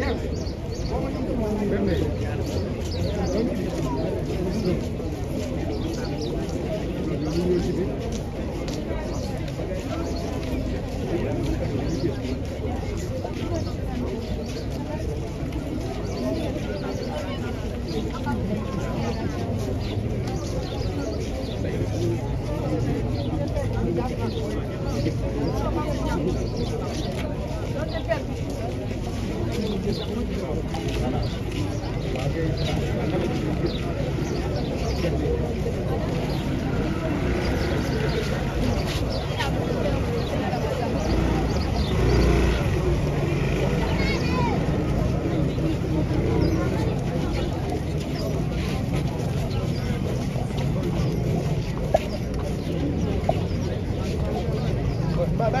Yes. loolu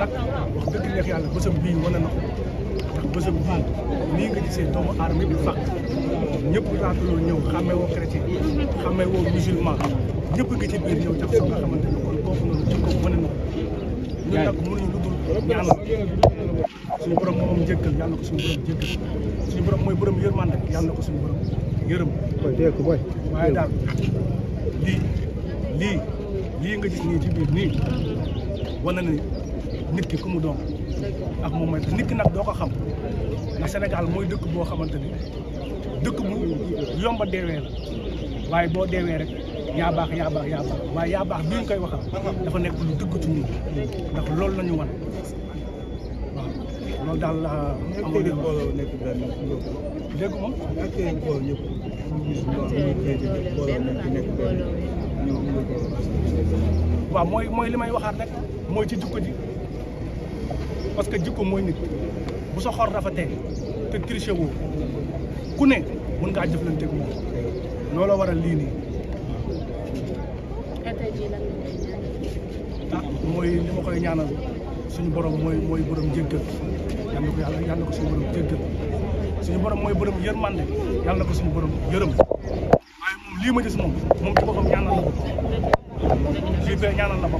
nag wax dëgg neex yàlla bësam bii wane na ko ndax bësam bii nii nga gisee doomu aadama di fàq ñëpp raatuloo ñëw xàmmee woo chrétien xàmmee woo musulman ñëpp ngi ci biir ñëw jax soo nga xamante ne kon kooku noonu jikko wane na ko ñun nag mënuñu lu dul ñaanal suñu borom moom jéggal yàlla na ko suñu borom jéggal suñu borom mooy borom yërmande yàlla na ko suñu borom yërëm waaye daal lii lii nga gis nii ci biir nii wane na ni nit ki ku mu doon ak moom mooy nit nag doo ko xam ndax Sénégal mooy dëkk boo xamante ni dëkk mu yomba deewee la waaye boo deewee rek yaa baax yaa baax yaa baax waaye yaa baax bi ñu koy waxal dafa nekk lu dëgg ci ñun ndax wan loolu daal laa amoon nañu waaw mooy li may waxaat rek mooy ci jikko ji parce que jikko mooy nit bu sa xor rafetee te triché woo ku ne mën ngaa jëflanteeg moom looloo waral lii ah mooy li ma koy ñaanal. suñu borom mooy mooy borom jéggal yal na ko yàlla yal ko suñu borom jéggal suñu borom mooy borom yërmande yal na ko suñu borom yërëm waaye moom lii ma gis moom moom ci boppam ñaanal la ko lii bee ñaanal la ko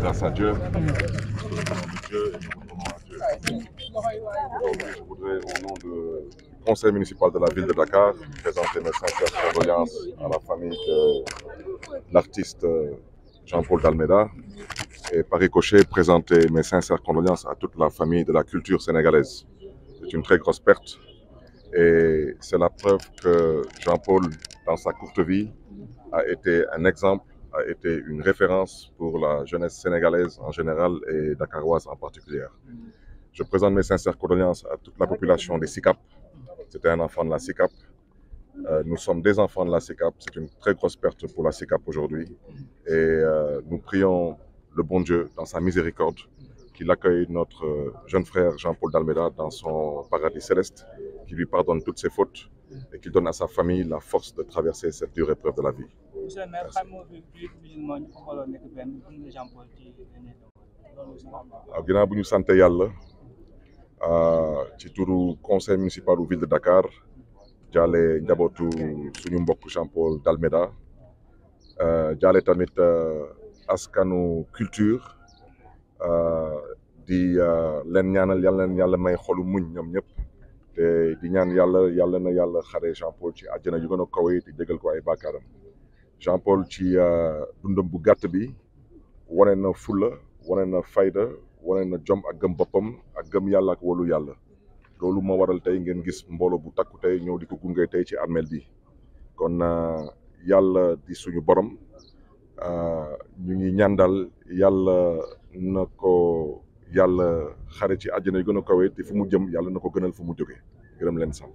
grâce à Dieu, Dieu et de, la ville de Dakar, présenter mes sincères condoléances à la famille de l'artiste Jean-Paul Dalméda et par ricochet présenter mes sincères condoléances à toute la famille de la culture sénégalaise. C'est une très grosse perte et c'est la preuve que Jean-Paul, dans sa courte vie, a été un exemple a été une référence pour la jeunesse sénégalaise en général et dakaroise en particulier. Je présente mes sincères condoléances à toute la population des SICAP. C'était un enfant de la SICAP. Euh, nous sommes des enfants de la SICAP. C'est une très grosse perte pour la SICAP aujourd'hui. Et euh, nous prions le bon Dieu dans sa miséricorde qu'il accueille notre euh, jeune frère Jean-Paul d'Almeida dans son paradis céleste, qu'il lui pardonne toutes ses fautes et qu'il donne à sa famille la force de traverser cette dure épreuve de la vie. monsieur le ñu ko booloo nekk ci ah, bu ñu sant yàlla ah, ci turu conseil municipal bu ville de Dakar jaale njabootu suñu mbokk Jean Paul D'Almeida ah, jaale tamit askanu culture di leen ñaanal yàlla leen yàlla may xolu muñ ñoom ñëpp te di ñaan yàlla yàlla na yàlla xare Jean Paul ci àjjana yu gën a kawe te jégal ko ay bàkkaaram Jean Paul ci euh, dundam bu gàtt bi wane na fulla wane na fayda wane na jom ak gëm boppam ak gëm yàlla ko wolu yàlla loolu moo waral tey ngeen gis mbooloo bu takku tey ñëw di ko gunge tey ci armeel bi kon euh, yàlla di suñu borom euh, ñu ngi ñaan yàlla na ko yàlla xare ci àjjana yu gën a kawe te fu mu jëm yàlla na ko gënal fu mu jóge gërëm leen sant